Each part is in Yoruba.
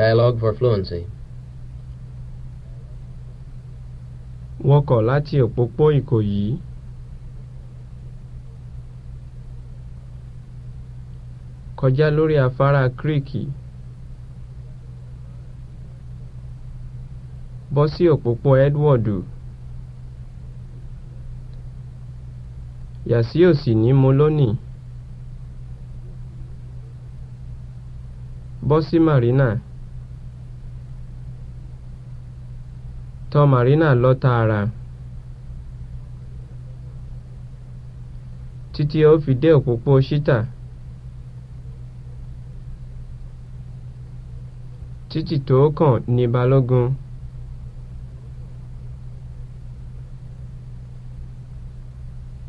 Dialogue for fluency. Wọkọ̀ láti òpópó Ìkòyí. Kọjá lórí afárá kíríkì. Bọ́ sí òpópó Ẹ́dwọ̀dù. Yà sí òsì ní mo Bọ́ sí Marina. tọ Marina lọ tààrà títí ó fi dé òpópó Ṣítà títì tó kàn ní Balógun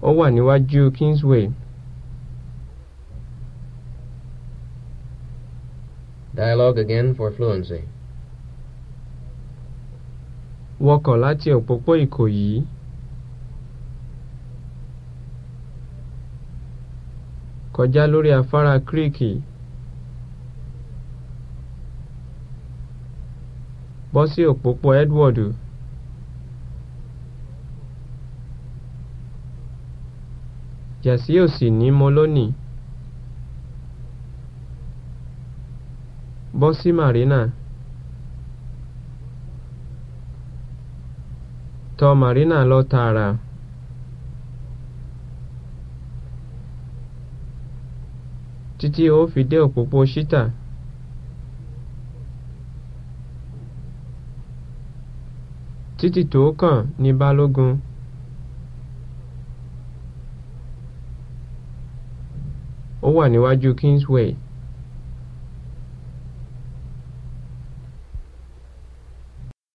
ó wà níwájú Kingsway. Dialogue again for fluency. wọkọ̀ láti òpópó Ìkòyí kọjá lórí afárá kírìkì bọ́ sí òpópó Edward yà òsì ní Moloney bọ́ sí Marina. tọ̀ Marina lọ tààrà títí ó fi dé òpópó Ṣítà. títí tó kàn ní Balógun. ó wà níwájú Kingsway.